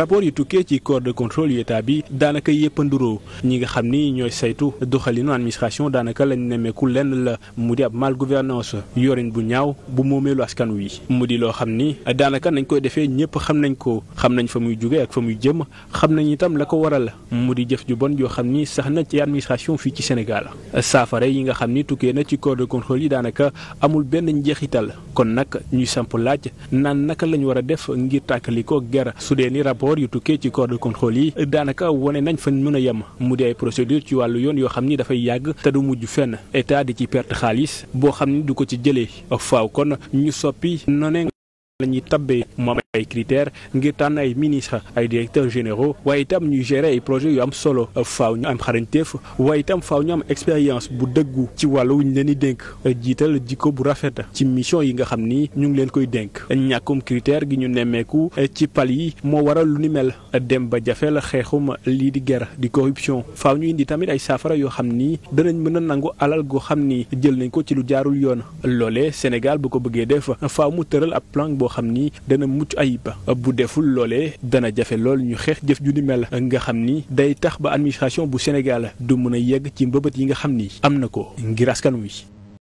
rapport yu tukkee ci corps de contrôle yu état bi daanaka yëpp nduroo ñi nga xam ni ñooy saytu doxalinu administration daanaka lañ nemmeeku lenn la mu di ab mal gouvernance yorin bu ñaaw bu moomeelu askan wi mu di loo xam ni daanaka nañ koy defee ñëpp xam nañ ko xam nañ fa muy jóge ak fa muy jëm xam nañ itam la ko waral mu di jëf ju bon yoo xam ni sax nañ ci administration fii ci Sénégal saafara yi nga xam ni tukkee na ci corps de contrôle yi daanaka amul benn njeexital kon nag ñuy samp laaj naan naka lañ war a def ngir tàkkalikoo rapport yu tukkee ci corps de contrôle yi daanaka wane nañ fa mën a yem mu di ay procédure ci wàllu yoon yoo xam ni dafay yàgg te du mujj fenn état di ci perte xaalis boo xam ni du ko ci jëlee faaw kon ñu soppi none lañuy tabbee moom ay critères ngir tànn ay ministres ay directeurs généraux waaye itam ñuy gérer ay projets yu am solo faaw ñu am xarañteef waaye itam faaw ñu am expérience bu dëggu ci wàllu wuñ leen di dénk jiital jikko bu rafet ci mission yi nga xam ni ñu ngi leen koy dénk ñàkkum critère gi ñu nemmeeku ci pal yi moo waral lu ni mel dem ba jafe la xeexum lii di guerre di corruption faw ñu indi tamit ay saafara yoo xam ni danañ mën a nangu alal goo xam ni jël nañ ko ci lu jaarul yoon ayib bu deful loolee dana jafe lool ñu xeex jëf ju ni mel nga xam ni day tax ba administration bu Sénégal du mën a yegg ci mbëbët yi nga xam ni am na ko ngir askan wi